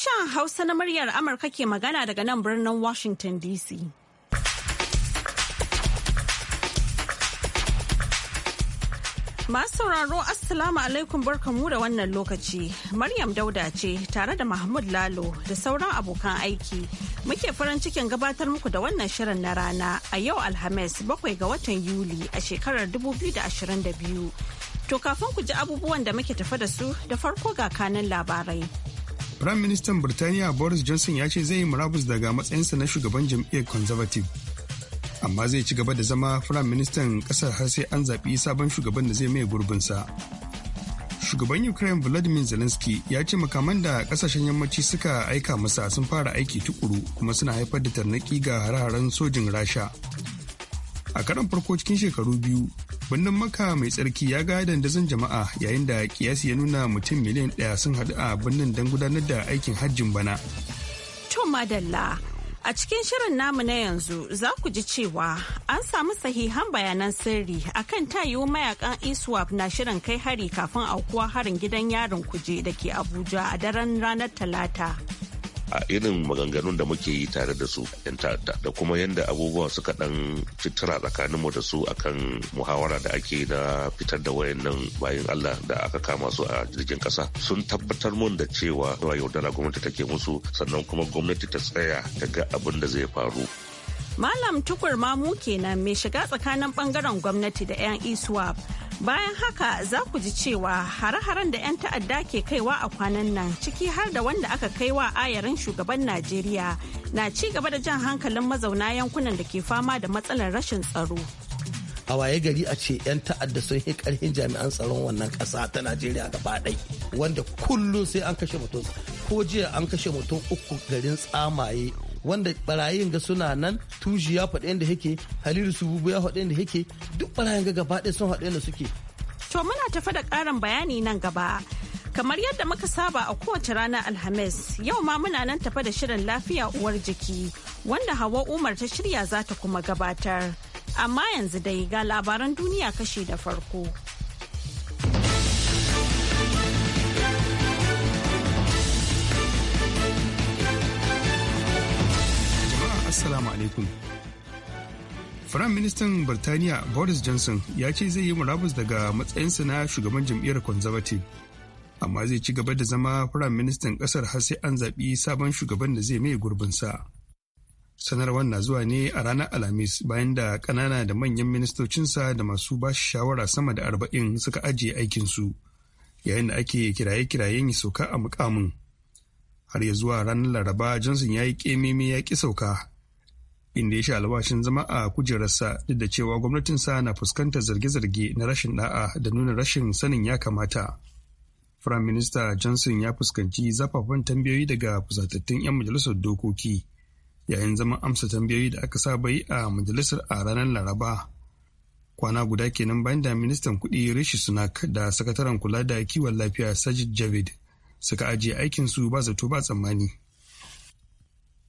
Sashen Hausa na muryar Amurka ke magana daga nan birnin Washington DC. Masu sauraro Assalamu alaikum barkamu da wannan lokaci. Maryam Dauda ce tare da Mahmud Lalo da sauran abokan aiki. Muke farin cikin gabatar muku da wannan shirin na rana a yau Alhamis bakwai ga watan Yuli a shekarar 2022. To kafin ku ji abubuwan da muke tafa da su da farko ga kanan labarai. Prime Minister Birtaniya Boris Johnson ya ce zai yi murabus daga matsayinsa na shugaban jam'iyyar Conservative. Amma zai ci gaba da zama Prime Minister kasar har sai an zaɓi sabon shugaban da zai mai gurbinsa. Shugaban Ukraine vladimir Zelensky ya ce makaman da kasashen yammaci suka aika masa sun fara aiki tukuru kuma suna haifar da tarnaki ga hare-haren sojin Rasha. A karan farko cikin shekaru biyu, birnin maka mai tsarki ya ga dandazon jama'a yayin da kiyasi ya nuna mutum miliyan ɗaya sun haɗu a birnin don gudanar da aikin hajjin bana to madalla A cikin shirin namu na yanzu za ku ji cewa an samu sahihan bayanan sirri akan tayiwu mayakan ISWAP e na shirin kai hari kafin aukuwa harin gidan yarin kuje da ke Abuja a daren ranar Talata. a irin maganganun da muke yi tare da su yan da kuma yadda abubuwa suka dan fitira tsakaninmu da su akan muhawara da ake na fitar da wayannan bayan Allah da aka kama su a jirgin kasa sun tabbatar mun da cewa yaudara gwamnati take musu sannan kuma gwamnati ta tsaya ta ga abin da zai faru Malam tukur mamu kenan mai shiga tsakanin bangaren gwamnati da 'yan ISWAP. E Bayan haka za ku ji cewa hare-haren da 'yan ta'adda ke kaiwa a kwanan nan ciki har da wanda aka kaiwa ayarin shugaban Najeriya na ci gaba da jan hankalin mazauna yankunan da ke fama da matsalar rashin tsaro. a waye gari a ce 'yan ta'adda sun yi karhin jami'an tsaron wannan kasa ta najeriya gaba ɗai wanda kullum sai an kashe mutum ko jiya an kashe mutum uku garin tsamaye wanda barayin ga suna nan tushi ya faɗi yadda yake halilu su bubu ya faɗi yadda yake duk barayin ga gaba ɗaya sun faɗi yadda suke. to muna tafi da ƙarin bayani nan gaba kamar yadda muka saba a kowace ranar alhamis yau ma muna nan tafa da shirin lafiya uwar jiki wanda hawa umar ta shirya za ta kuma gabatar amma yanzu dai ga labaran duniya kashi da farko. Assalamu alaikum. Firayim Ministan Birtaniya Boris Johnson ya ce zai yi murabus daga matsayinsa na shugaban jam'iyyar Conservative. Amma zai ci gaba da zama Firayim Ministan ƙasar har sai an zaɓi sabon shugaban da zai mai gurbinsa. Sanarwar na zuwa ne a ranar Alhamis bayan da ƙanana da manyan ministocinsa da masu ba shawara sama da arba'in suka ajiye aikinsu yayin da ake kiraye-kirayen sauka a mukamin. har ya zuwa ranar laraba johnson ya yi ƙememe ya ƙi sauka inda ya sha albashin zama a kujerarsa duk da cewa gwamnatinsa na fuskantar zarge-zarge na rashin da'a da nuna rashin sanin ya kamata. Firayim Minista Johnson ya fuskanci zafafan tambayoyi daga fusatattun 'yan majalisar dokoki yayin zaman amsa tambayoyi da aka saba yi a majalisar a ranar Laraba. Kwana guda kenan bayan da ministan kuɗi Rishi Sunak da sakataren kula da kiwon lafiya Sajid Javid suka ajiye aikinsu ba zato ba tsammani.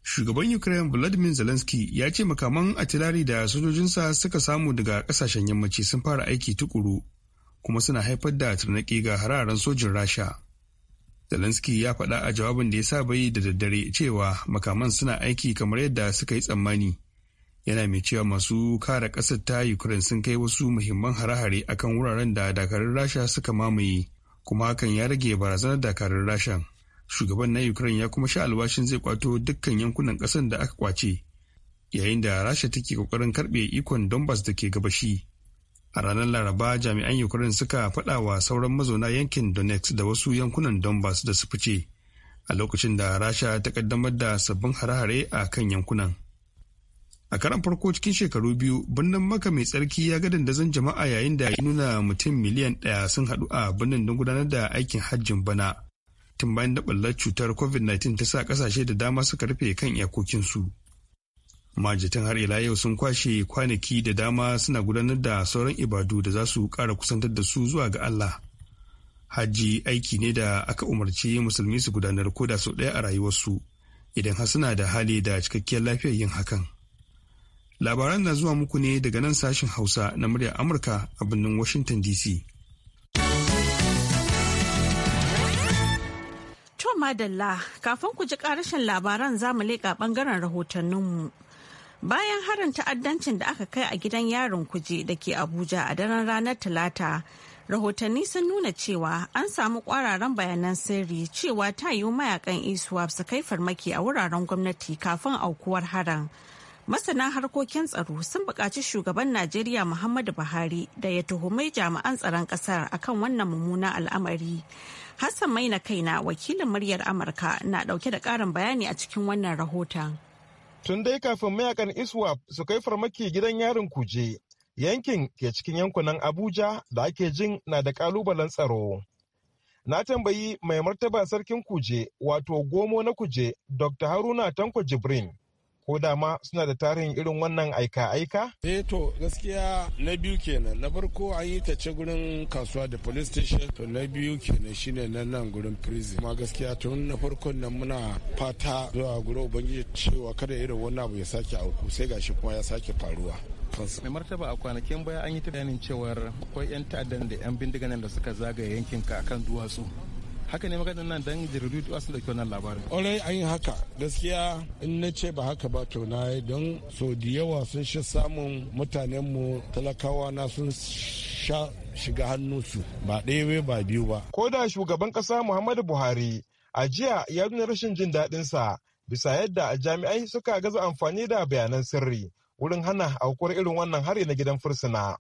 shugaban ukraine vladimir zelensky ya ce makaman atilari da sojojinsa suka samu daga kasashen yammaci sun fara aiki tukuru kuma suna haifar da tarnaki ga hararen sojin rasha zelensky ya faɗa a jawabin da ya sa bai da daddare cewa makaman suna aiki kamar yadda suka yi tsammani yana mai cewa masu kare ƙasar ta ukraine sun kai wasu muhimman hare-hare akan wuraren da dakarun rasha suka mamaye kuma hakan ya rage barazanar dakarun rashan shugaban na ukraine ya kuma sha alwashin zai kwato dukkan yankunan ƙasar da aka kwace yayin da rasha take kokarin karbe ikon donbas da ke gabashi a ranar laraba jami'an ukraine suka fada wa sauran mazauna yankin donetsk da wasu yankunan donbas da su fice a lokacin da rasha ta kaddamar da sabbin hare-hare a kan yankunan a karan farko cikin shekaru biyu birnin maka mai tsarki ya ga dandazon jama'a yayin da ya nuna mutum miliyan daya sun hadu a birnin don gudanar da aikin hajjin bana tun bayan da ɓallar cutar covid-19 ta sa ƙasashe da dama suka rufe kan iyakokinsu majitan har ila yau sun kwashe kwanaki da dama suna gudanar da sauran ibadu da za su ƙara kusantar da su zuwa ga allah hajji aiki ne da aka umarci musulmi su gudanar ko da sau ɗaya a rayuwarsu idan har suna da hali da cikakkiyar lafiyar yin hakan labaran na zuwa muku ne daga nan sashen hausa na muryar amurka a birnin washington dc madalla kafin ku ji karashin labaran zamu leƙa bangaren rahotanninmu. Bayan harin ta'addancin da aka kai a gidan yarin kuje da ke Abuja a daren ranar Talata, rahotanni sun nuna cewa an samu kwararan bayanan sirri cewa ta yiwu mayakan isuwa su kai farmaki a wuraren gwamnati kafin aukuwar haran. Masana harkokin tsaro sun buƙaci shugaban Najeriya Muhammadu Buhari da ya tuhumi jami'an tsaron ƙasar akan wannan mummunan al'amari. Hassan mai na kaina wakilin muryar Amurka na dauke da karin bayani a cikin wannan rahoton. Tun dai kafin mayakan ISWAP su kai farmaki gidan yarin kuje, yankin ke cikin yankunan Abuja da ake jin na da kalubalen tsaro. Na tambayi mai martaba sarkin kuje wato gomo na kuje Dr. Haruna Tanko Jibrin ko dama suna da tarihin irin wannan aika-aika? Eh to gaskiya na biyu kenan na farko an yi ta ce gurin kasuwa da police station to na biyu kenan shine na nan gurin prison. Kuma gaskiya tun na farkon nan muna fata zuwa gurin ubangiji cewa kada irin wannan abu ya sake auku sai gashi kuma ya sake faruwa. mai martaba a kwanakin baya an yi ta bayanin cewar akwai 'yan ta'addan da 'yan bindigan da suka zagaye yankinka akan duwatsu haka ne maganin nan dan jaridu da dauki wannan labarin ƙwarai an yi haka gaskiya in na ce ba haka ba to na don so da yawa sun shi samun mutanenmu talakawa na sun sha shiga hannu su ba ɗaya ba biyu ba. Ko da shugaban ƙasa Muhammadu Buhari a jiya ya nuna rashin jin daɗin sa bisa yadda jami'ai suka gaza amfani da bayanan sirri wurin hana aukuwar irin wannan hari na gidan fursuna.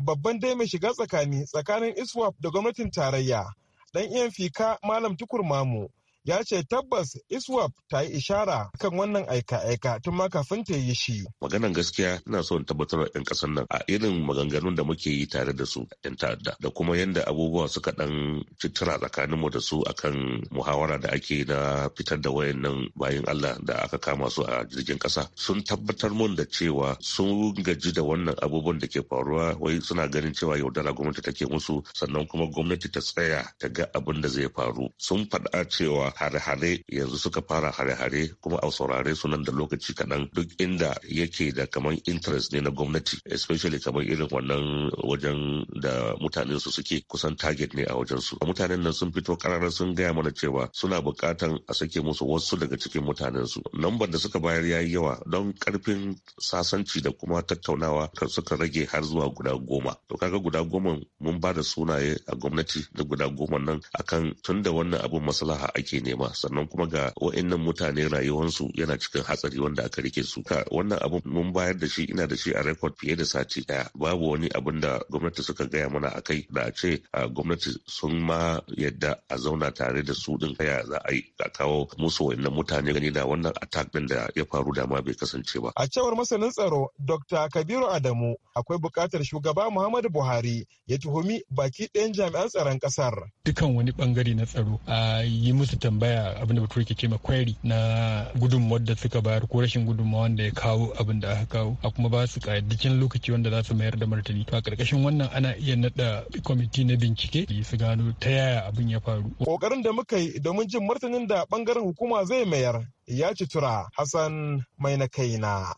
Babban dai mai shiga tsakani tsakanin ISWAP da gwamnatin tarayya Dan iya fika Malam Tukur Mamu ya ce tabbas iswap ta yi ishara kan wannan aika-aika tun ma kafin ta yi shi. Maganan gaskiya ina son tabbatar da 'yan ƙasar nan a irin maganganun da muke yi tare da su 'yan ta'adda da kuma yadda abubuwa suka ɗan cittura tsakanin mu da su akan muhawara da ake na fitar da wayannan bayan Allah da aka kama su a jirgin kasa sun tabbatar mun da cewa sun gaji da wannan abubuwan da ke faruwa wai suna ganin cewa yaudara gwamnati take musu sannan kuma gwamnati ta tsaya ta ga abin da zai faru sun faɗa cewa hare-hare yanzu suka fara hare-hare kuma a saurare su nan da lokaci kaɗan duk inda yake da kamar interest ne na gwamnati especially kamar irin wannan wajen da mutanen su suke kusan target ne a wajen su mutanen nan sun fito kararar sun gaya mana cewa suna bukatan a sake musu wasu daga cikin mutanen su lambar da suka bayar yayi yawa don karfin sasanci da kuma tattaunawa kan suka rage har zuwa guda goma to kaga guda goma mun ba da sunaye a gwamnati da guda goma nan akan tunda wannan abun maslaha ake nema sannan kuma ga wa'annan mutane rayuwarsu yana cikin hatsari wanda aka rike su ka wannan abun mun bayar da shi ina da shi a rekod fiye da sati daya babu wani abin da gwamnati suka gaya mana a kai da a ce gwamnati sun ma yadda a zauna tare da su din kaya za a yi a kawo musu wa'annan mutane gani da wannan attack din da ya faru da ma bai kasance ba. A cewar masanin tsaro Dr. Kabiru Adamu akwai buƙatar shugaba Muhammadu Buhari ya tuhumi baki ɗayan jami'an tsaron ƙasar. Dukan wani bangare na tsaro a yi musu tambaya abinda da bature ke ce ma query na gudunmawar da suka bayar ko rashin gudunmawa wanda ya kawo abin da aka kawo a kuma ba su lokaci wanda za su mayar da martani to a karkashin wannan ana iya naɗa kwamiti na bincike su gano ta yaya abin ya faru kokarin da muka yi domin jin martanin da bangaren hukuma zai mayar ya ci tura hassan mai na kaina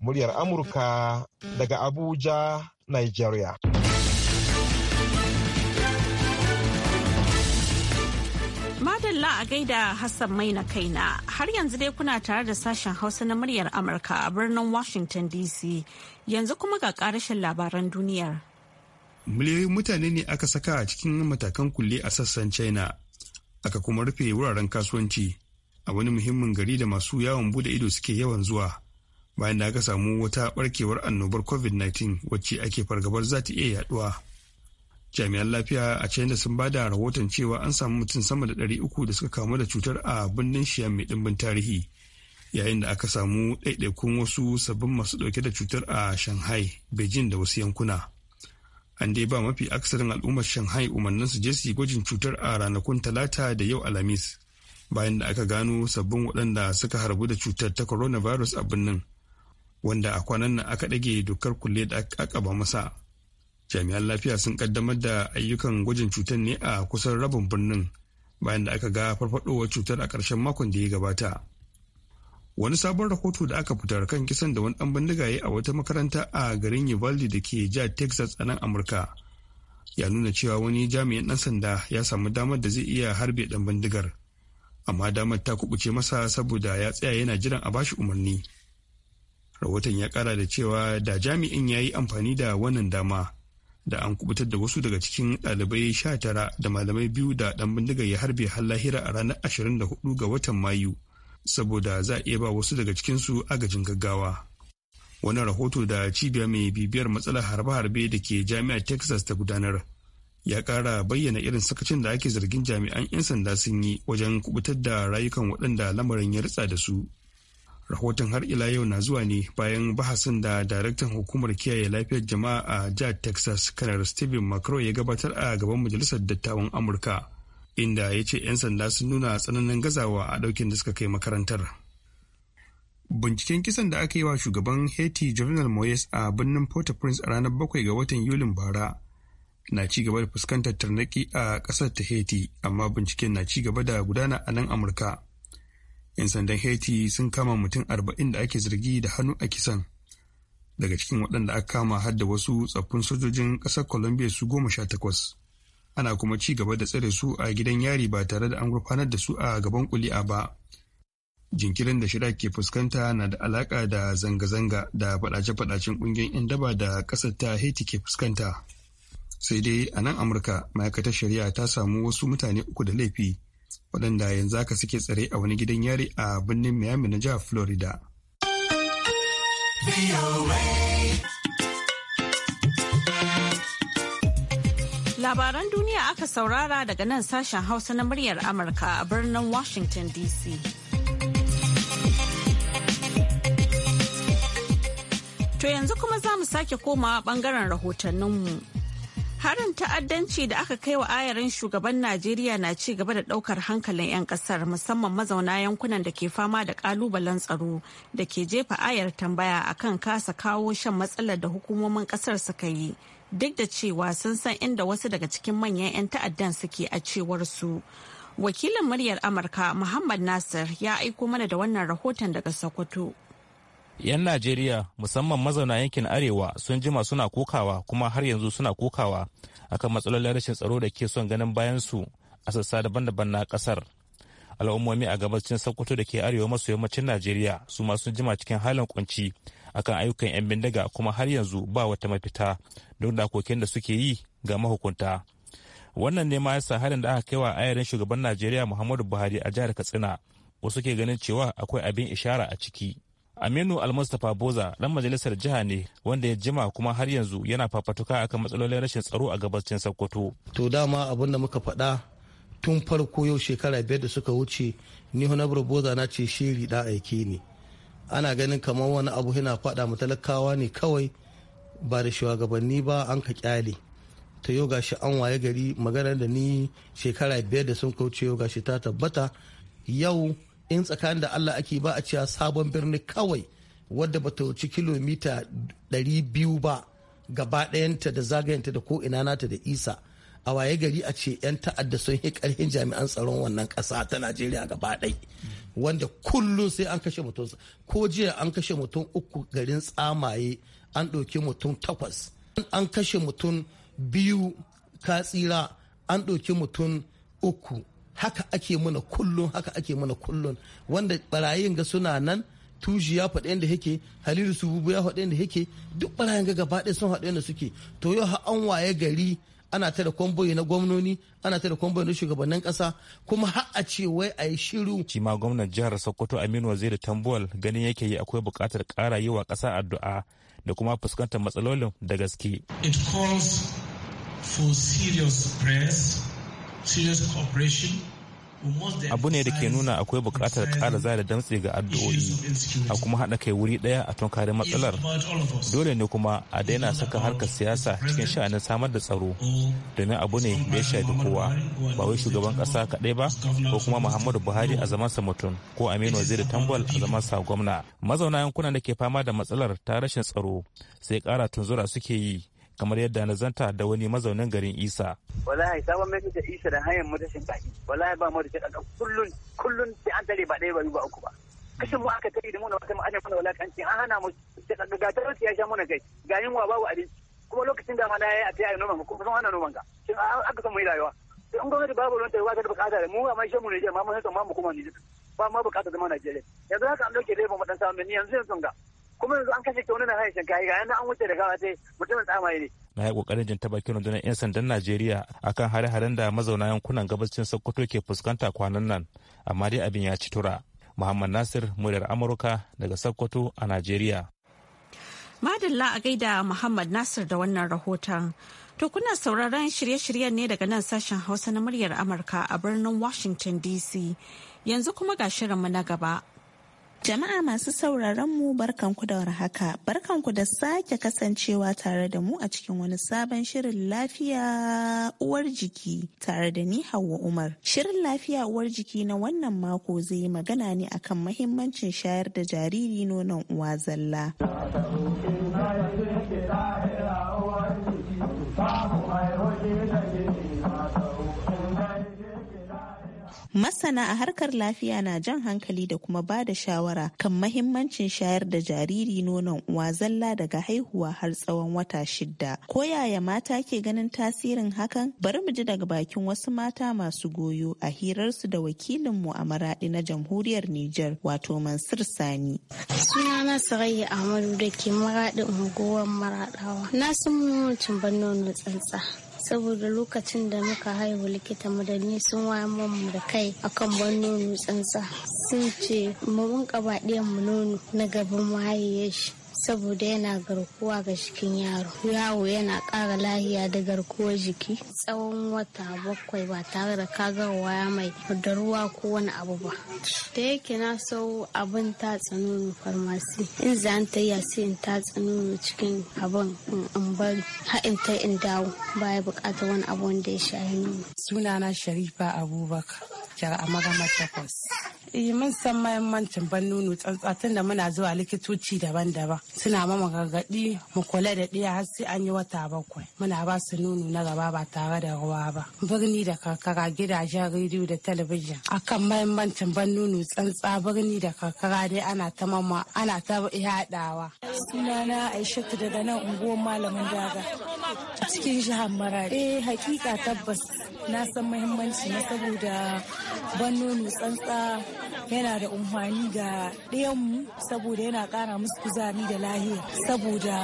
muryar amurka daga abuja nigeria a gaida Hassan mai na kaina har yanzu dai kuna tare da sashen Hausa na muryar Amurka a birnin Washington DC yanzu kuma ga karashin labaran duniyar. Miliyoyin mutane ne aka saka a cikin matakan kulle a sassan China aka kuma rufe wuraren kasuwanci a wani muhimmin gari da masu yawon bude ido suke yawan zuwa bayan da aka samu wata barkewar annobar COVID-19 wacce ake fargabar za ta iya yaduwa. jami'an lafiya a china sun ba da rahoton cewa an samu mutum sama da 300 da suka kamu da cutar a birnin shiyan mai dimbin tarihi yayin da aka samu ɗaiɗaikun wasu sabbin masu ɗauke da cutar a shanghai beijing da wasu yankuna an dai ba mafi aksarin al'ummar shanghai umarnin su je su yi gwajin cutar a ranakun talata da yau alhamis bayan da aka gano sabbin waɗanda suka harbu da cutar ta coronavirus a birnin wanda a kwanan nan aka ɗage dokar kulle da aka ba masa jami'an lafiya sun kaddamar da ayyukan gwajin cutar ne a kusan rabin birnin bayan da aka ga farfadowar cutar a ƙarshen makon da ya gabata wani sabon rahoto da aka fitar kan kisan da wani dan bindiga ya a wata makaranta a garin uvalde da ke jihar texas a nan amurka ya nuna cewa wani jami'in dan sanda ya samu damar da zai iya harbe dan bindigar amma damar ta kubuce masa saboda ya tsaya yana jiran a bashi umarni rahoton ya kara da cewa da jami'in ya yi amfani da wannan dama da an kubutar da wasu daga cikin ɗalibai sha tara da malamai biyu da ɗan bindiga ya harbe har lahira a ranar 24 ga watan mayu saboda za a iya ba wasu daga cikinsu agajin gaggawa wani rahoto da cibiya mai bibiyar matsalar harbe-harbe da ke jami'ar texas ta gudanar ya ƙara bayyana irin sakacin da ake zargin jami'an 'yan sanda sun yi wajen kubutar da rayukan waɗanda lamarin ya ritsa da su rahoton har ila yau na zuwa ne bayan bahasin da daraktan hukumar kiyaye lafiyar jama'a a jihar texas kanar stephen macro ya gabatar a gaban majalisar dattawan amurka inda ya ce 'yan sanda sun nuna tsananin gazawa a daukin da suka kai makarantar binciken kisan da aka yi wa shugaban haiti jurnal moyes a birnin port-au-prince a ranar bakwai ga watan yulin bara na ci gaba da fuskantar tarnaki a ƙasar ta haiti amma binciken na ci gaba da gudana a nan amurka 'Yan sandan Haiti sun kama mutum arba'in da ake zargi da hannu a kisan. Daga cikin waɗanda aka kama har da wasu tsaffin sojojin ƙasar Colombia su goma sha takwas. Ana kuma ci gaba da tsare su a gidan yari ba tare da an gurfanar da su a gaban kuli'a ba. Jinkirin da shirya ke fuskanta na da alaƙa da zanga-zanga da faɗace-faɗacen ƙungiyar 'yan daba da ƙasar ta Haiti ke fuskanta. Sai dai a nan Amurka ma'aikatar shari'a ta samu wasu mutane uku da laifi waɗanda yanzu haka suke tsare a wani gidan yari a birnin miami na jihar florida labaran duniya aka saurara daga nan sashen hausa na muryar amurka a birnin washington dc to yanzu kuma za mu sake komawa bangaren rahotanninmu Harin ta'addanci da aka kai wa ayarin shugaban Najeriya na ci gaba da daukar hankalin 'yan kasar musamman mazauna yankunan da ke fama da kalubalen tsaro da ke jefa ayar tambaya akan kasa kawo shan matsalar da hukumomin kasar suka yi duk da cewa sun san inda wasu daga cikin manyan 'yan ta'addan suke a cewar su. Wakilin muryar Amurka Muhammad Nasir ya aiko mana da wannan rahoton daga Sokoto. 'Yan Najeriya musamman mazauna yankin Arewa sun jima suna kokawa kuma har yanzu suna kokawa akan matsalolin rashin tsaro da ke son ganin bayan su a sassa daban-daban na kasar. Al'ummomi a gabacin Sokoto da ke arewa maso yammacin Najeriya su ma sun jima cikin halin kunci akan ayyukan 'yan bindiga kuma har yanzu ba wata mafita don da koken da suke yi ga mahukunta. Wannan ne ma yasa halin da aka kai wa ayarin shugaban Najeriya Muhammadu Buhari a jihar Katsina wasu ke ganin cewa akwai abin ishara a ciki. aminu almustapha boza dan majalisar jiha ne wanda ya jima kuma har yanzu yana fafatuka akan matsalolin rashin tsaro a gabacin sokoto to dama abin da muka faɗa tun farko yau shekara biyar da suka wuce ni honorable boza na ce shiri da aiki ne ana ganin kamar wani abu yana faɗa mu talakawa ne kawai ba da shugabanni ba an ka kyale ta yau gashi an waye gari maganar da ni shekara biyar da sun kauce yau gashi ta tabbata yau in tsakanin da Allah ake ba a cewa sabon birni kawai wadda ba ta wuci kilomita 200 ba gaba dayanta da zagayenta da ko'ina nata da isa a waye gari a ce 'yan ta'adda sun yi karhin jami'an tsaron wannan kasa ta najeriya gaba wanda kullum sai an kashe mutum ko jiya an kashe mutum uku garin tsamaye an ɗauki mutum takwas an kashe mutum biyu katsira an ɗauki mutum uku haka ake mana kullum haka ake mana kullum wanda barayin ga suna nan tushi ya faɗi yadda yake halilu bubu ya faɗi yadda yake duk barayin ga gaba ɗaya sun haɗu yadda suke to yau ha an waye gari ana ta da kwamboyi na gwamnoni ana ta da kwamboyi na shugabannin ƙasa kuma har a ce wai a yi shiru. shi ma gwamnan jihar sokoto aminu waziri tambuwal ganin yake yi akwai buƙatar ƙara yi wa ƙasa addu'a da kuma fuskantar matsalolin da gaske. it calls for serious prayers serious cooperation abu ne da ke nuna akwai bukatar kara zara damtse ga addu'o'i a kuma haɗa kai wuri ɗaya a tunkarin matsalar dole ne kuma a daina saka harkar siyasa cikin sha'anin samar da tsaro domin abu ne da ya shafi kowa ba wai shugaban ƙasa kaɗai ba ko kuma muhammadu buhari a zaman sa mutum ko aminu waziri tambal a zaman sa gwamna mazauna yankunan da ke fama da matsalar ta rashin tsaro sai ƙara tunzura suke yi kamar yadda na zanta da wani mazaunin garin isa wallahi sabon mai da isa da hanyar mu baki wallahi ba mu da kaka kullun kullun sai an tare ba ɗaya ba ba uku ba kashin mu aka tare da muna na wata ma'ajin ana wala kanci an hana mu ga talauci ya sha mana kai ga yunwa babu abinci kuma lokacin da ma na yi a ta noma mu kuma sun hana noman ka shin aka san mu yi rayuwa in gwamnati babu ruwan taiwa ta bukata da mu a mai mu ne ma mun san ma mu kuma ni ba ma bukata zama Najeriya yanzu haka an dauke laifin waɗansu amma yanzu yanzu ga kuma yanzu an kashe wani na shan kayi ga yana an wuce da gawa sai mutumin tsamaye ne na yi kokarin jin tabakin rundunar 'yan sandan najeriya akan hare-haren da mazauna yankunan gabashin sokoto ke fuskanta kwanan nan amma dai abin ya ci tura muhammad nasir muryar amurka daga sokoto a najeriya madalla a gaida muhammad nasir da wannan rahoton To kuna sauraron shirye-shiryen ne daga nan sashen Hausa na muryar Amurka a birnin Washington DC. Yanzu kuma ga shirinmu na gaba. Jama'a masu sauraron mu barkanku da warhaka, barkanku da sake kasancewa tare da mu a cikin wani sabon shirin lafiya uwar jiki tare da ni Hauwa Umar. Shirin lafiya uwar jiki na wannan mako zai yi magana ne akan mahimmancin shayar da jariri nonon uwa zalla. Masana a harkar lafiya na jan hankali da kuma ba da shawara kan mahimmancin shayar da jariri nonon uwa zalla daga haihuwa har tsawon wata shidda. Ko yaya mata ke ganin tasirin hakan? Bari mu ji daga bakin wasu mata masu goyo a hirar su da wakilin mu a maraɗi na jamhuriyar niger wato Mansur Sani. Sunana Sarayya Ahmadu da ke maraɗi unguwar maraɗawa. Na san mutum ban tsantsa. saboda lokacin da muka haihu likita madani sun waya mu da kai akan ban nono tsantsa sun ce mu rinka ba mu nono na gaban mahaiyar shi saboda yana garkuwa ga jikin yaro yawo yana ƙara lahiya da garkuwar jiki tsawon wata bakwai ba tare da kagarwa ya mai da ruwa ko wani abu ba da yake na sau abin ta nono farmasi in za an ta sai in tatsa cikin abin in bari ha'in ta in dawo baya bukatar wani abu wanda ya shahi nono sunana sharifa abubakar a takwas Eh mun san mahimmancin ban nono tsantsa da muna zuwa likitoci daban-daban suna mama gargaɗi mu kula da ɗaya har sai an yi wata bakwai muna ba su nono na gaba ba tare da ruwa ba birni da karkara gidajen rediyo da talabijin akan mahimmancin ban nono tsantsa birni da karkara dai ana ta mama ana ta yaɗawa. Sunana Aishatu daga nan unguwar malamin daga cikin jihar Marari. Eh hakika tabbas na san mahimmanci na saboda ban nono tsantsa yana da umfani ga ɗayanmu saboda yana ƙara musu kuzari da lahiya saboda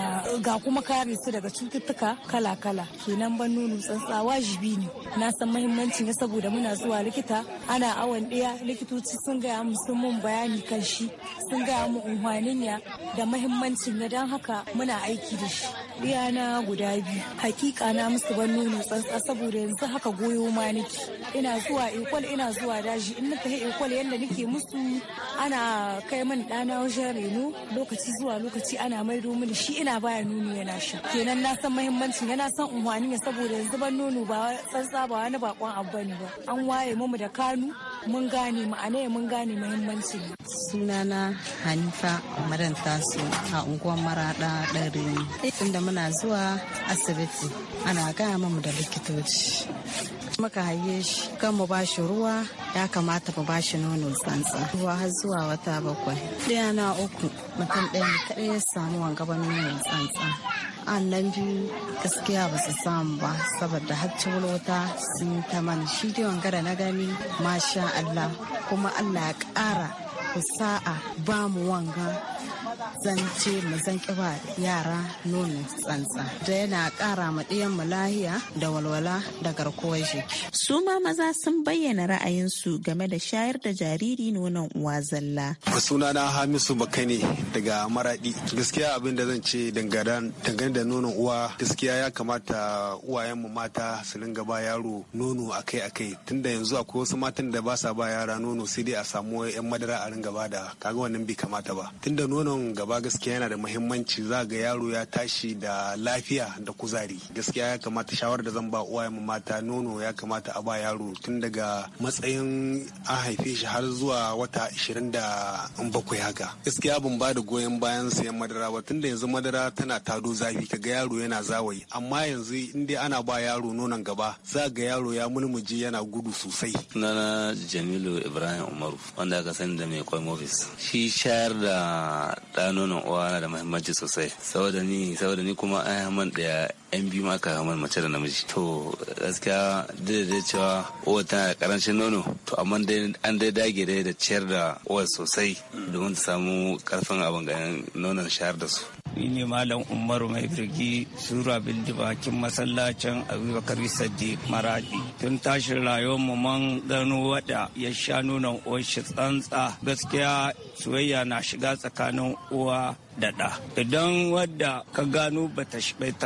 ga kuma kare su daga cututtuka kala-kala kenan ban nono tsantsa wajibi ne na san mahimmanci na saboda muna zuwa likita ana awon ɗaya likitoci sun gaya mu sun mun bayani kan shi sun gaya mu umfanin ya da mahimmancin ya don haka muna aiki da shi ɗaya na guda biyu hakika na musu ban nono tsantsa saboda yanzu haka goyo ma niki ina zuwa ikwal ina zuwa daji in na kai ikwal yadda nake musu ana kai min ɗana wajen reno lokaci zuwa lokaci ana maido mini shi ina baya nono yana sha kenan na san mahimmancin yana san umwani ne saboda yanzu ban nono ba tsantsa ba wani bakon abu ne ba an waye mu da kanu mun gane ma'ana mun gane mahimmanci sunana hanifa maran tasu a unguwar marada ɗare inda muna zuwa asibiti ana gaya mu da likitoci muka haye shi kan mu ba shi ruwa ya kamata mu ba shi nono tsantsa ruwa har zuwa wata bakwai ɗaya na uku mutum ɗaya ne kaɗai ya samu wanga ba nono tsantsa annan biyu gaskiya ba su samu ba saboda har wata sun ta mana shi dai wanga da na gani masha Allah kuma Allah ya ƙara ku sa'a ba mu wanga zan ce mu zan kiba yara nono tsantsa da yana kara ma mu lahiya da walwala da garkuwar jiki. Su ma maza sun bayyana ra'ayinsu game da shayar da jariri nonon uwa zalla. na Hamisu Bakani daga Maradi. Gaskiya abin da zan ce dangane da nonon uwa gaskiya ya kamata uwayenmu mata su dinga ba yaro nono akai-akai tunda yanzu akwai wasu matan da ba sa ba yara nono sai dai a samu 'yan madara a ringa ba da kaga wannan bai kamata ba tunda nonon gaba gaskiya yana da muhimmanci za ga yaro ya tashi da lafiya da kuzari gaskiya ya kamata shawar da zan ba uwaye mata nono ya kamata a ba yaro tun daga matsayin an haife shi har zuwa wata da bakwai haka gaskiya ban ba da goyon bayan sayan madara ba tun da yanzu madara tana tado zafi kaga yaro yana zawayi amma yanzu in dai ana ba yaro nonon gaba za ga yaro ya mulmuji yana gudu sosai sunana jamilu ibrahim umaru wanda aka sani da mai kwai shi shayar da ya nuna uwa na da muhimmanci sosai saboda ni saboda ni kuma an haman da yan biyu ma ka haman mace da namiji to gaskiya dai da cewa uwa tana da karancin nono to amma dai an dai dage dai da ciyar da uwa sosai domin ta samu karfin abin ganin nonon shayar da su ni malam umaru mai birgi sura bin bakin masallacin abubakar sadi maradi tun tashin rayuwar mu man gano wada ya sha nuna uwar shi tsantsa gaskiya soyayya na shiga tsakanin uwa da ɗa idan wadda ka gano bata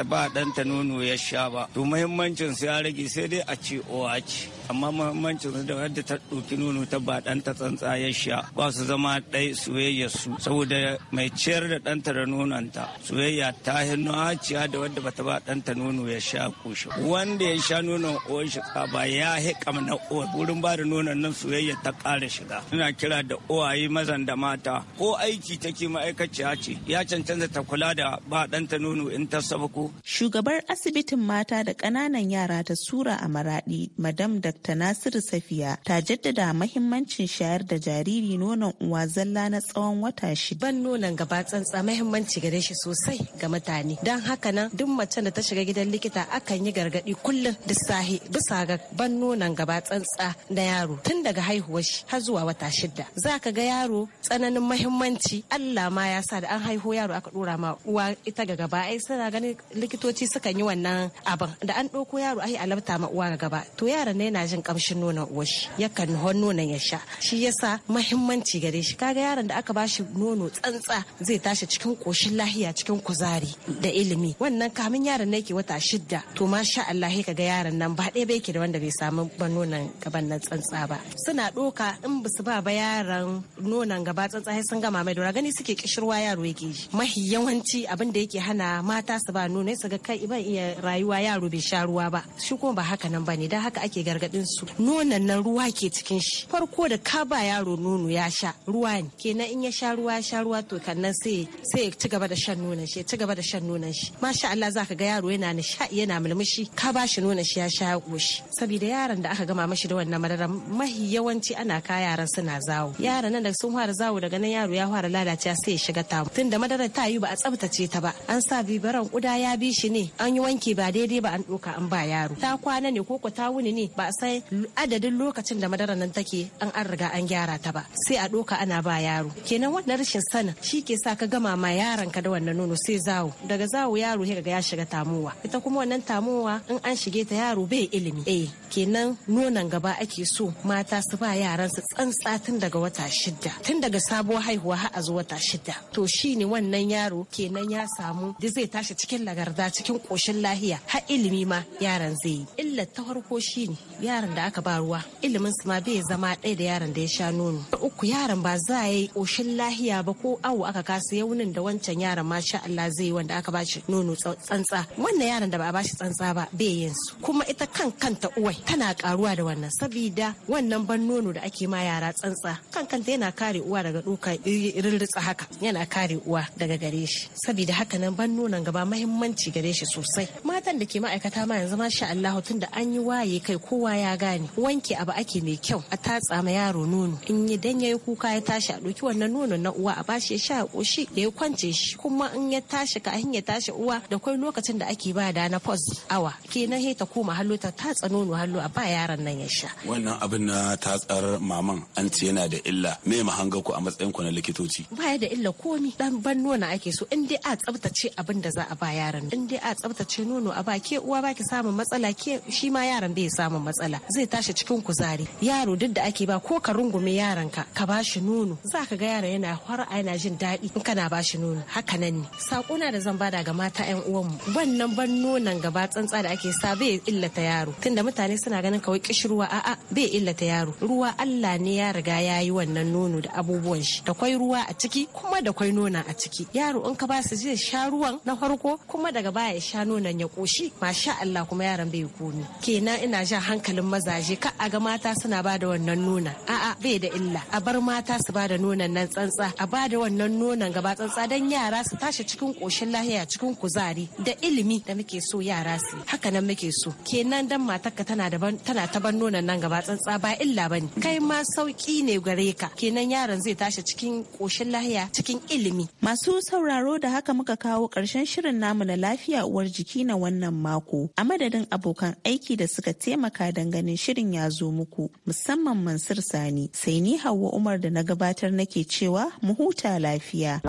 ba ɗanta nono ya sha ba to muhimmancin su ya rage sai dai a ce owa ce amma muhimmancin su da wadda ta ɗauki nono ta ba ɗanta tsantsa ya sha ba su zama ɗai soyayya su saboda mai ciyar da ɗanta da ta soyayya ta hannu haciya da wadda bata ba ɗanta nono ya sha kushe wanda ya sha nonon uwan shi tsaba ya hiƙa na uwa wurin ba da nonon nan soyayya ta ƙara shiga ina kira da uwaye mazan da mata ko aiki take ma'aikaciya ce ya cancanta ta kula da ba ɗanta nono in ta ko. Shugabar asibitin mata da ƙananan yara ta Sura a Maraɗi, Madam Dr. Nasiru Safiya, ta jaddada mahimmancin shayar da jariri nonon uwa zalla na tsawon wata shi. Ban nonon gaba tsantsa mahimmanci gare shi sosai ga mutane. Don haka nan duk mace da ta shiga gidan likita akan yi gargaɗi kullum da sahi bisa ga ban nonon gaba tsantsa na yaro tun daga haihuwar shi har zuwa wata shida. Za ka ga yaro tsananin mahimmanci Allah ma ya sa da an haihu yaro aka dora ma uwa ita ga gaba ai suna ganin likitoci sukan yi wannan abin da an ɗauko yaro ai alabta ma uwa ga gaba to yaron ne yana jin kamshin nonon uwar shi yakan hon nonon ya sha shi yasa mahimmanci gare shi kaga yaron da aka bashi nono tsantsa zai tashi cikin koshin lahiya cikin kuzari da ilimi wannan kamin yaron ne ke wata shida to masha Allah ka ga yaron nan ba ɗaya bai ke da wanda bai samu ba nonon gaban nan tsantsa ba suna ɗoka in ba su ba ba yaron nonon gaba tsantsa sai sun gama mai dora gani suke kishirwa yaro yake rage mahi yawanci abin da yake hana mata su ba nono su ga kai ban iya rayuwa yaro bai sha ruwa ba shi kuma ba haka nan bane dan haka ake gargadin su nonon nan ruwa ke cikin shi farko da ka ba yaro nono ya sha ruwa ne kenan in ya sha ruwa sha ruwa to nan sai sai ci gaba da shan nonon shi ya ci gaba da shan nonon shi masha Allah zaka ga yaro yana nishaɗi yana mulmushi ka ba shi nonon shi ya sha ya koshi saboda yaran da aka gama mashi da wannan madara mahi yawanci ana ka yaran suna zawo yaran nan da sun fara zawo daga nan yaro ya fara lalacewa sai ya shiga tamu tun da madara ta yi ba a tsabtace ta ba an sa bibiran kuda ya bi shi ne an yi wanki ba daidai ba an doka an ba yaro ta kwana ne ko ta wuni ne ba sai adadin lokacin da madarar nan take an an riga an gyara ta ba sai a doka ana ba yaro kenan wannan rashin sanin shi ke sa ka gama ma yaron ka da wannan nono sai zawo daga zawo yaro sai ga ya shiga tamowa ita kuma wannan tamowa in an shige ta yaro bai ilimi eh kenan nonon gaba ake so mata su ba yaran su tsantsa tun daga wata shida tun daga sabuwar haihuwa har a zo wata shida to shi ne wannan yaro kenan ya samu da zai tashi cikin lagarda cikin koshin lahiya har ilimi ma yaran zai yi illa ta farko shine yaran da aka ba ruwa ilimin su ma bai zama ɗaya da yaran da ya sha nono uku yaron ba za yi koshin lahiya ba ko awo aka kasa yaunin da wancan yaran ma sha Allah zai yi wanda aka bashi nono tsantsa wannan yaron da ba a bashi tsantsa ba bai yin su kuma ita kan kanta uwai tana karuwa da wannan sabida wannan ban nono da ake ma yara tsantsa kan kanta yana kare uwa daga dukan ritsa haka yana kare Uwa daga gare shi saboda haka nan ban nonon gaba mahimmanci gare shi sosai matan da ke ma'aikata ma yanzu masha Allah tun da an yi waye kai kowa ya gane wanke abu ake mai kyau a tatsa ma yaro nono in yi dan yayi kuka ya tashi a ɗauki wannan nonon na uwa a bashi ya sha a da ya kwance shi kuma in ya tashi ka hin ya tashi uwa da kwai lokacin da ake ba da na pos awa kenan he ta koma hallo ta tatsa nono hallo a ba yaron nan ya sha wannan abin na tatsar maman an ce yana da illa me mahanga ku a matsayin ku na likitoci baya da illa komi dan ban nono ake so in dai a tsabtace abin da za a ba yaron in dai a tsabtace nono a ba ke uwa ba ki samun matsala ke shi ma yaran bai samun matsala zai tashi cikin kuzari yaro duk da ake ba ko ka rungume yaron ka ka ba shi nono za ka ga yaron yana a yana jin daɗi in kana ba shi nono haka nan ne sakuna da zan bada ga mata yan mu wannan ban nonon gaba tsantsa da ake sa bai illata yaro tunda mutane suna ganin kawai kishirwa a'a bai illata yaro ruwa Allah ne ya riga yayi wannan nono da abubuwan shi da kwai ruwa a ciki kuma da kwai nono nan a ciki yaro in ka ba su zai sha ruwan na farko kuma daga baya ya sha nonon ya koshi masha Allah kuma yaran bai komi kenan ina jan hankalin mazaje ka a ga mata suna ba da wannan nuna a'a bai da illa a bar mata su ba da nonon nan tsantsa a ba da wannan nonon gaba tsantsa dan yara su tashi cikin koshin lahiya cikin kuzari da ilimi da muke so yara su haka nan muke so kenan dan matarka tana da tana ta ban nonon nan gaba tsantsa ba illa bane kai ma sauki ne gare ka kenan yaron zai tashi cikin koshin lahiya cikin ilimi Masu sauraro da haka muka kawo ƙarshen shirin namu na lafiya uwar jiki na wannan mako. A madadin abokan aiki da suka taimaka ganin shirin ya zo muku musamman Mansur Sani. Sai ni Hauwa Umar da na gabatar nake cewa mu huta lafiya.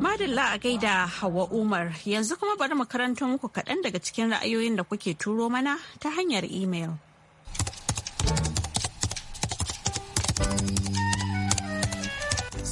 Madalla a gaida Hawa Umar yanzu kuma bari mu muku kaɗan daga cikin ra'ayoyin da kuke turo mana ta hanyar imel.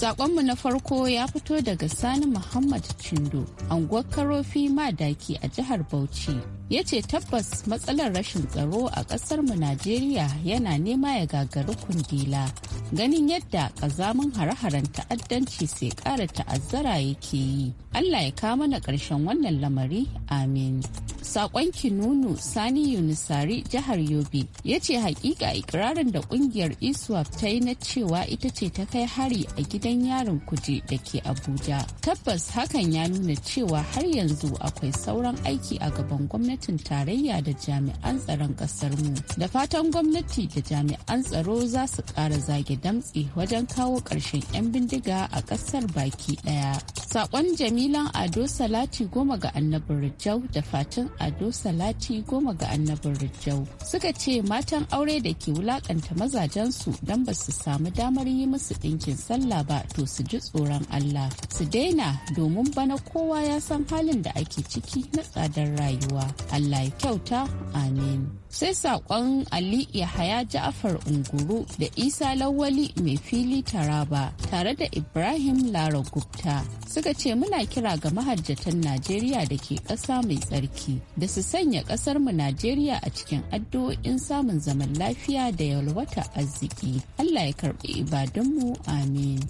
Zaɓenmu na farko ya fito daga Sani Muhammad Chindo, anguwar Karofi Madaki a jihar Bauchi. ya ce tabbas matsalar rashin tsaro a ƙasarmu najeriya yana nema ya gagari kundila ganin yadda ƙazamin hare-haren ta'addanci sai ƙara ta'azzara yake yi allah ya kawo mana ƙarshen wannan lamari amin sakon kinunu sani yunisari jihar yobe ya ce hakika ikirarin da kungiyar iswap e ta yi na cewa ita ce ta kai hari a gidan yarin kuje da ke abuja tabbas hakan ya nuna cewa har yanzu akwai sauran aiki a gaban gwamnati gwamnatin tarayya da jami'an tsaron mu da fatan gwamnati da jami'an tsaro za su ƙara zage damtsi wajen kawo ƙarshen 'yan bindiga a ƙasar baki ɗaya. Sakon Jamilan Ado Salati goma ga annabin Rijau da fatan Ado Salati goma ga annabin Rijau suka ce matan aure da ke wulakanta mazajensu don ba su samu damar yi musu ɗinkin sallah ba to su ji tsoron Allah. Su daina domin bana kowa ya san halin da ake ciki na tsadar rayuwa. Allah ya kyauta. Amin. sai saƙon ali yahaya jafar unguru da isa lawali mai fili taraba tare da ibrahim lara gupta suka ce muna kira ga mahajjatan najeriya da ke ƙasa mai tsarki da su sanya ƙasar mu najeriya a cikin addu'o'in samun zaman lafiya da yalwata arziki allah ya karɓi ibadunmu amin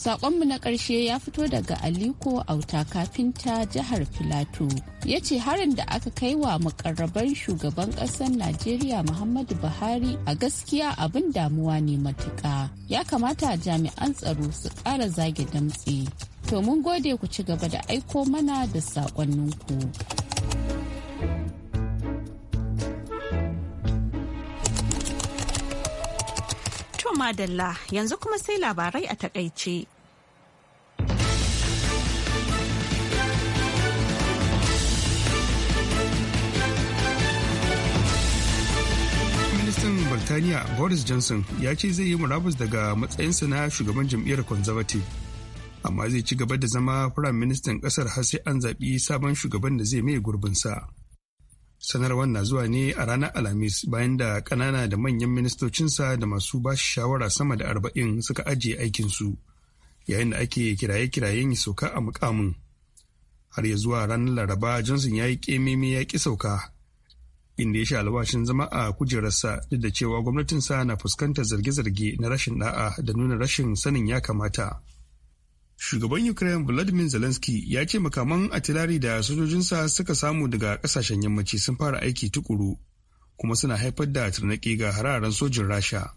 Sakonmu na ƙarshe ya fito daga Aliko Auta kafinta jihar Filato. Ya ce harin da aka kai wa makarraban shugaban ƙasar Najeriya Muhammadu Buhari a gaskiya abin damuwa ne matuƙa. Ya kamata jami'an tsaro su ƙara zage damtse. To mun gode ku ci gaba da aiko mana da sakonninku. madalla yanzu kuma sai labarai a takaice. Ministan Birtaniya Boris Johnson ya ce zai yi murabus daga matsayinsa na shugaban jam'iyyar Conservative. Amma zai ci gaba da zama Firayim Ministan ƙasar har sai an zaɓi sabon shugaban da zai mai gurbinsa. sanarwar na zuwa ne a ranar alhamis bayan da kanana da manyan ministocinsa da masu ba shawara sama da arba'in suka ajiye aikinsu yayin da ake kiraye-kirayen sauka a mukamin har ya zuwa ranar laraba johnson ya yi kememe ya ki sauka inda ya sha albashin zama a kujerarsa duk da cewa gwamnatinsa na fuskantar zarge-zarge na rashin da'a da nuna rashin sanin ya kamata. shugaban ukraine vladimir zelensky ya ce makaman atilari da sojojinsa suka samu daga kasashen yammaci sun fara aiki tukuru kuma suna haifar da tarnaƙi ga hararen sojin rasha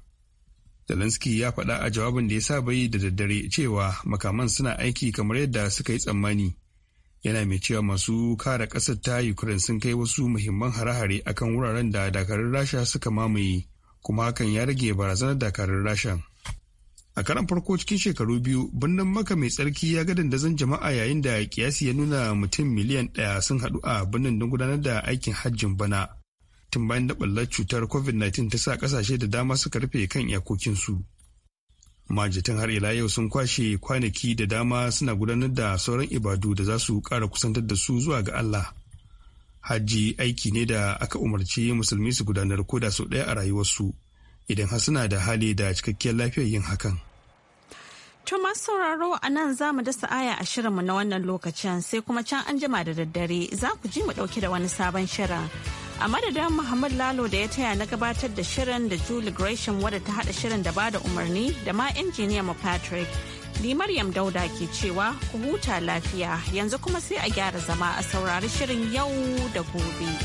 zelensky ya faɗa a jawabin da ya sa bai da daddare cewa makaman suna aiki kamar yadda suka yi tsammani yana mai cewa masu kare ƙasar ta ukraine sun kai wasu muhimman hare-hare akan wuraren da dakarun rasha suka mamaye kuma hakan ya rage barazanar dakarun rashan a karan farko cikin shekaru biyu birnin maka mai tsarki ya ga dandazon jama'a yayin da kiyasi ya nuna mutum miliyan ɗaya sun haɗu a birnin don gudanar da aikin hajjin bana tun bayan da ɓallar cutar covid-19 ta sa ƙasashe da dama suka rufe kan iyakokinsu majitan har ila yau sun kwashe kwanaki da dama suna gudanar da sauran ibadu da za su kara kusantar da su zuwa ga allah hajji aiki ne da aka umarci musulmi su gudanar ko da sau ɗaya a rayuwarsu idan har suna da hali da cikakkiyar lafiyar yin hakan. To masu sauraro a nan za mu dasa aya a shirinmu na wannan lokacin sai kuma can an jima da daddare za ku ji mu ɗauki da wani sabon shirin. A madadin Muhammad Lalo da ya taya na gabatar da shirin da Julie Gresham wadda ta haɗa shirin da ba da umarni da ma injiniyan mu Patrick. Ni Maryam Dauda ke cewa ku huta lafiya yanzu kuma sai a gyara zama a saurari shirin yau da gobe.